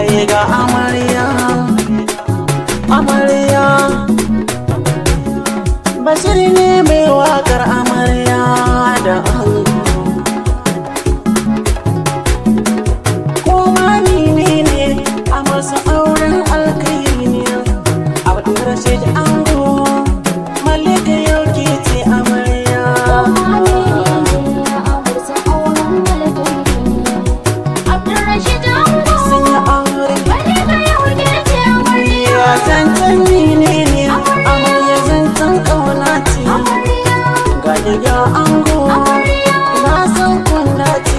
ai ga amarya amarya basiri ne mai wakar amarya riga ango na san kun dace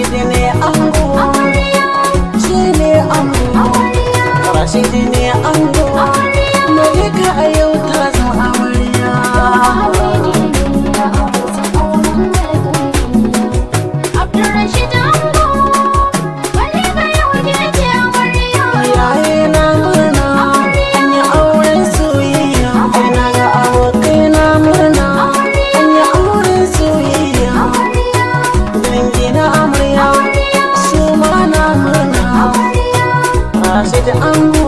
izini ango I'm.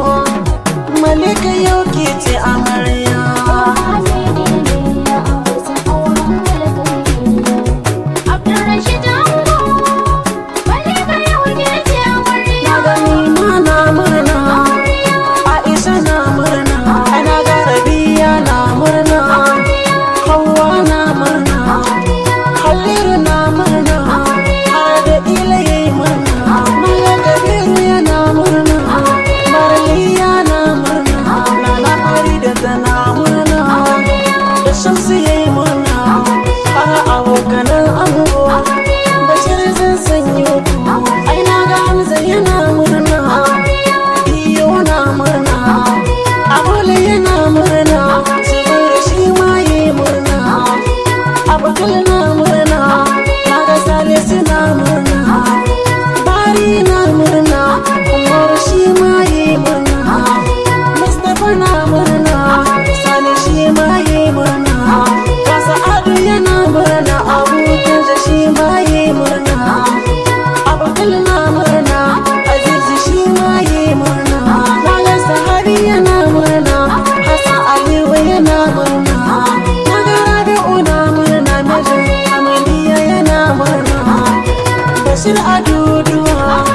shi da aduduwa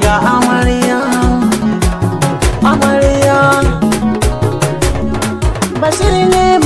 ga amarya amarya basir ne